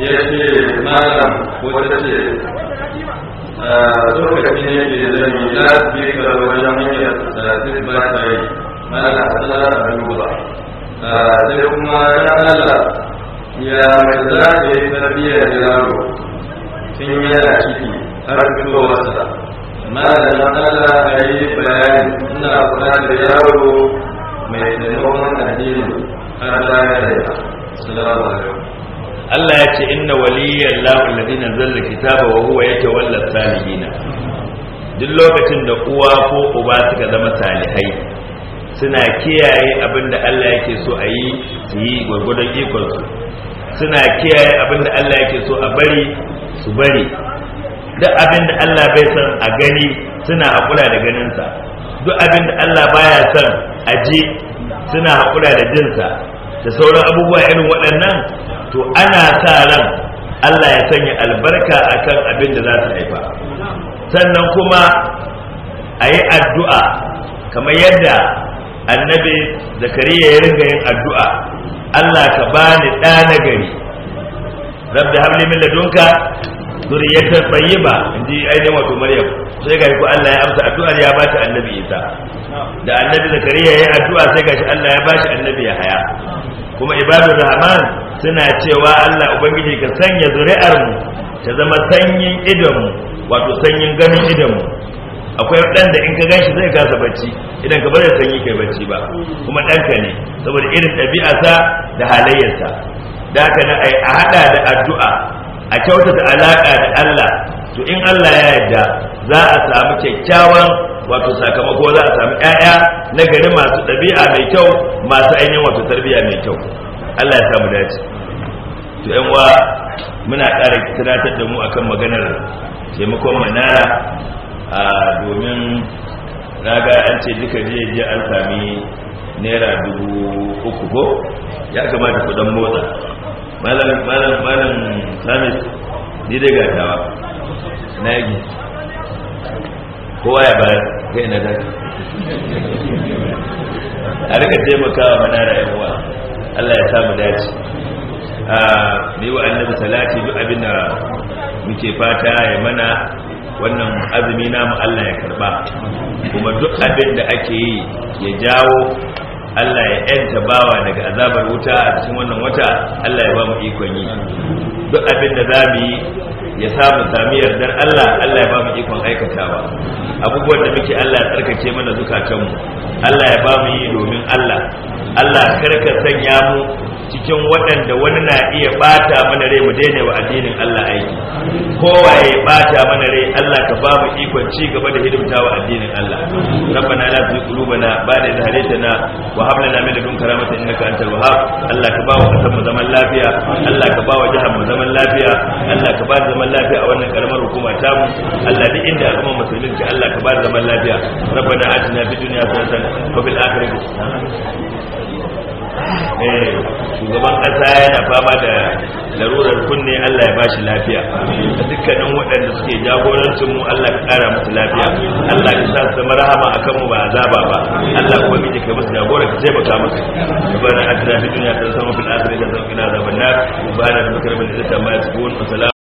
ya ce malam ko ta ce ah, lokacin ne ke da za na bi ka wajen hanyar talatin ba ta yi malam Allah a duba ah, sai kuma ya Allah ya mai za ya yi tarbiyyar yaro yi yana ciki har wasa. malamin Allah a yi bayani ina kula da yaro mai taimakon addini Allah ya da salamu Allah ya ce inna waliyyan lahu alladhi nazzala kitaba wa huwa yatawalla salihina duk lokacin da uwa ko uba suka zama salihai suna kiyaye abin da Allah yake so a yi su yi gwargwadon ikonsu suna kiyaye abin da Allah yake so a bari su bari duk abin da Allah bai san a gani suna haƙura da ganinsa duk abin da Allah baya son a ji suna haƙura da jinsa da sauran abubuwa irin waɗannan to ana sa ran Allah ya sanya albarka akan abin da za su haifa sannan kuma a yi addu'a kamar yadda annabi zakariya ya ringa yin addu'a Allah ka bani ɗa na gari rabbi habli min ladunka zuriyatar in inji ainihin wato maryam sai ga ku Allah ya amsa addu'ar ya bashi annabi isa da annabi zakariya ya yi addu'a sai gashi Allah ya bashi annabi ya haya kuma ibadu rahman suna cewa Allah ubangiji ka sanya zuri'ar mu ta zama sanyin idon mu wato sanyin ganin idon mu akwai dan da in ka ganshi zai kasa bacci idan ka bada sanyi kai bacci ba kuma ɗanka ne saboda irin ɗabi'arsa da halayyarsa da haka na a haɗa da addu'a a kyautata alaƙa da Allah to in Allah ya yarda za a samu kyakkyawan wato sakamako za a samu ƴaƴa na gari masu ɗabi'a mai kyau masu ainihin wato tarbiyya mai kyau Allah ya samu dace to ƴan uwa muna ƙara tunatar da mu akan maganar taimakon manara a domin raga an ce duka je an sami naira dubu uku ko ya kamata ku dan motsa malam malam malam samis ni dai gatawa na yagi kowa ya bayar kai na zaki a rika taimakawa mana rayuwa Allah ya samu dace a mai annabi salati duk abin muke fata ya mana wannan azumi namu Allah ya karba kuma duk abin da ake yi ya jawo Allah ya yanta bawa daga azabar wuta a cikin wannan wata Allah ya ba mu ikon yi duk abin da za mu yi ya samu sami yardar Allah Allah ya ba mu ikon aikatawa abubuwan da muke Allah ya tsarkake mana zukatanmu Allah ya ba mu yi domin Allah Allah karka sanya mu cikin waɗanda wani na iya bata mana rai mu daina wa addinin Allah aiki kowa ya bata mana rai Allah ka ba mu ikon ci gaba da hidimta wa addinin Allah rabbana la tuzigh qulubana ba'da idh hadaytana wa hab lana min ladunka karamatan innaka antal wahhab Allah ka ba wa kasan mu zaman lafiya Allah ka ba wa jihar mu zaman lafiya Allah ka ba zaman lafiya a wannan karamar hukuma ta mu Allah duk inda kuma musulmin ki Allah ka ba zaman lafiya rabbana atina fid dunya hasanatan wa fil akhirati hasanatan Eh, shugaban kasa yana fama da larurar kunne Allah ya bashi lafiya a dukkanin waɗanda suke jagorancin mu Allah ka ƙara musu lafiya Allah ka sa su rahama a kanmu ba azaba ba Allah kuma miji kai musu jagora ka taimaka musu bana atina fi duniya ta zama fil akhirati ta zama ila azaban nar ubana da makarabin da ta ma yasbun wa